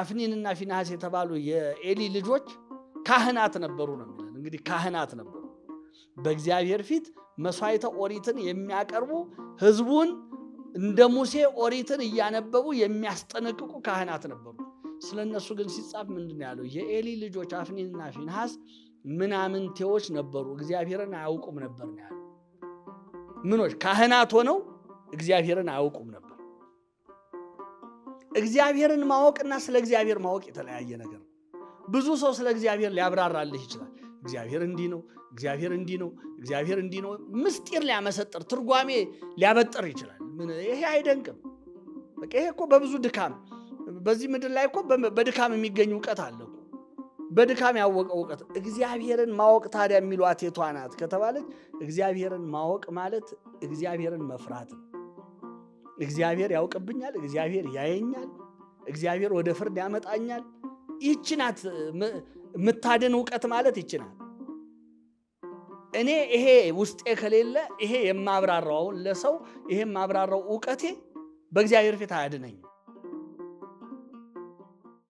አፍኒንና ፊንሐስ የተባሉ የኤሊ ልጆች ካህናት ነበሩ ነው የሚለን። እንግዲህ ካህናት ነበሩ፣ በእግዚአብሔር ፊት መስዋይተ ኦሪትን የሚያቀርቡ ህዝቡን እንደ ሙሴ ኦሪትን እያነበቡ የሚያስጠነቅቁ ካህናት ነበሩ። ስለ እነሱ ግን ሲጻፍ ምንድን ያለው? የኤሊ ልጆች አፍኒንና ፊንሐስ ምናምንቴዎች ነበሩ፣ እግዚአብሔርን አያውቁም ነበር ያለ ምኖች ካህናት ሆነው እግዚአብሔርን አያውቁም ነበር። እግዚአብሔርን ማወቅና ስለ እግዚአብሔር ማወቅ የተለያየ ነገር ነው። ብዙ ሰው ስለ እግዚአብሔር ሊያብራራልህ ይችላል። እግዚአብሔር እንዲህ ነው፣ እግዚአብሔር እንዲህ ነው፣ እግዚአብሔር እንዲህ ነው። ምስጢር ሊያመሰጥር ትርጓሜ ሊያበጥር ይችላል። ይሄ አይደንቅም። በቃ ይሄ እኮ በብዙ ድካም በዚህ ምድር ላይ እኮ በድካም የሚገኝ እውቀት አለ እኮ በድካም ያወቀ እውቀት። እግዚአብሔርን ማወቅ ታዲያ የሚሏት የቷ ናት ከተባለች፣ እግዚአብሔርን ማወቅ ማለት እግዚአብሔርን መፍራት ነው። እግዚአብሔር ያውቅብኛል፣ እግዚአብሔር ያየኛል፣ እግዚአብሔር ወደ ፍርድ ያመጣኛል። ይቺ ናት የምታድን እውቀት ማለት ይቺ ናት። እኔ ይሄ ውስጤ ከሌለ ይሄ የማብራራው ለሰው ይሄ የማብራራው እውቀቴ በእግዚአብሔር ፊት አያድነኝም።